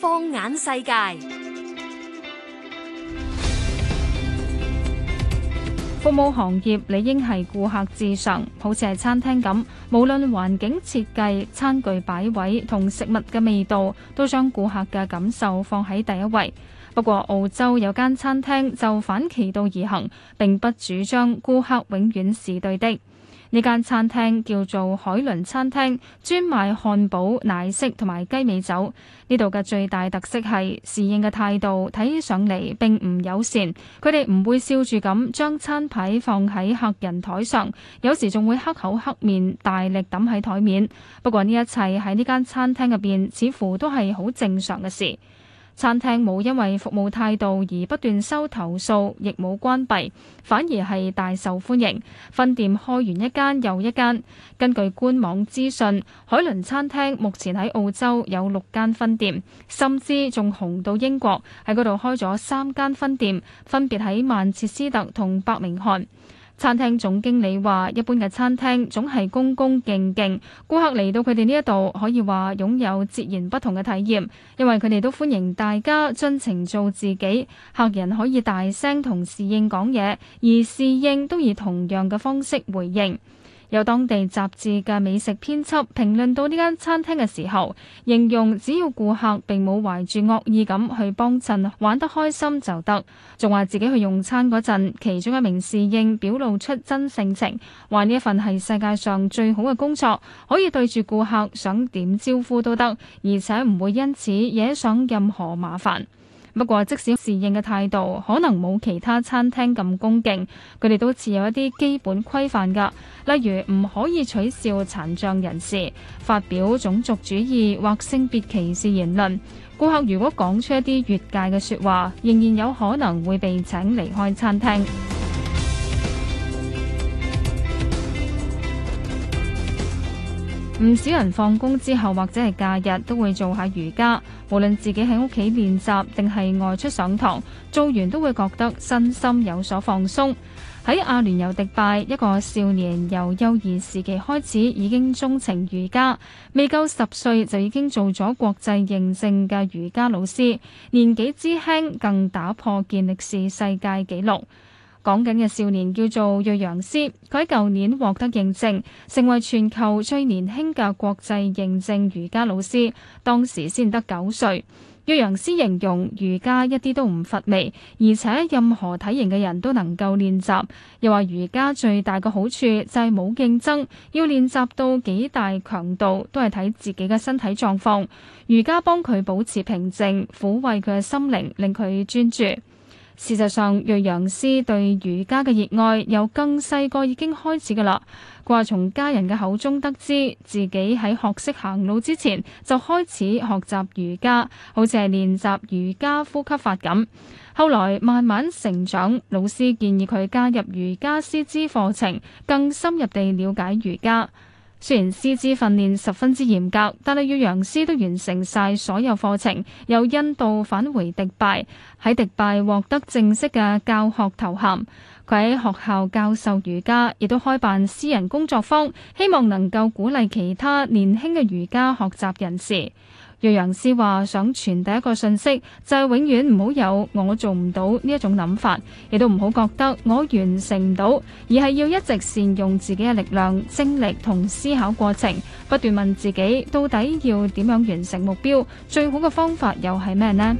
放眼世界，服務行業理應係顧客至上，好似係餐廳噉，無論環境設計、餐具擺位同食物嘅味道，都將顧客嘅感受放喺第一位。不過澳洲有間餐廳就反其道而行，並不主張顧客永遠是對的。呢間餐廳叫做海倫餐廳，專賣漢堡、奶昔同埋雞尾酒。呢度嘅最大特色係侍應嘅態度，睇起上嚟並唔友善。佢哋唔會笑住咁將餐牌放喺客人台上，有時仲會黑口黑面大力揼喺台面。不過呢一切喺呢間餐廳入邊，似乎都係好正常嘅事。餐廳冇因為服務態度而不斷收投訴，亦冇關閉，反而係大受歡迎。分店開完一間又一間。根據官網資訊，海倫餐廳目前喺澳洲有六間分店，甚至仲紅到英國。喺嗰度開咗三間分店，分別喺曼徹斯特同伯明翰。餐廳總經理話：一般嘅餐廳總係恭恭敬敬，顧客嚟到佢哋呢一度，可以話擁有截然不同嘅體驗，因為佢哋都歡迎大家盡情做自己，客人可以大聲同侍應講嘢，而侍應都以同樣嘅方式回應。有當地雜誌嘅美食編輯評論到呢間餐廳嘅時候，形容只要顧客並冇懷住惡意咁去幫襯，玩得開心就得。仲話自己去用餐嗰陣，其中一名侍應表露出真性情，話呢一份係世界上最好嘅工作，可以對住顧客，想點招呼都得，而且唔會因此惹上任何麻煩。不過，即使侍應嘅態度可能冇其他餐廳咁恭敬，佢哋都持有一啲基本規範㗎，例如唔可以取笑殘障人士，發表種族主義或性別歧視言論。顧客如果講出一啲越界嘅説話，仍然有可能會被請離開餐廳。唔少人放工之後或者係假日都會做下瑜伽，無論自己喺屋企練習定係外出上堂，做完都會覺得身心有所放鬆。喺阿聯酋迪拜，一個少年由幼兒時期開始已經鍾情瑜伽，未夠十歲就已經做咗國際認證嘅瑜伽老師，年紀之輕更打破健力士世界紀錄。講緊嘅少年叫做瑞揚斯，佢喺舊年獲得認證，成為全球最年輕嘅國際認證瑜伽老師，當時先得九歲。瑞揚斯形容瑜伽一啲都唔乏味，而且任何體型嘅人都能夠練習。又話瑜伽最大嘅好處就係冇競爭，要練習到幾大強度都係睇自己嘅身體狀況。瑜伽幫佢保持平靜，撫慰佢嘅心靈，令佢專注。事實上，瑞揚師對瑜伽嘅熱愛由更細個已經開始㗎喇。佢話從家人嘅口中得知，自己喺學識行路之前就開始學習瑜伽，好似係練習瑜伽呼吸法咁。後來慢慢成長，老師建議佢加入瑜伽師資課程，更深入地了解瑜伽。雖然師資訓練十分之嚴格，但係要楊師都完成晒所有課程，由印度返回迪拜，喺迪拜獲得正式嘅教學頭銜。佢喺學校教授瑜伽，亦都開辦私人工作坊，希望能夠鼓勵其他年輕嘅瑜伽學習人士。楊楊師話：想傳遞一個信息，就係、是、永遠唔好有我做唔到呢一種諗法，亦都唔好覺得我完成唔到，而係要一直善用自己嘅力量、精力同思考過程，不斷問自己到底要點樣完成目標？最好嘅方法又係咩呢？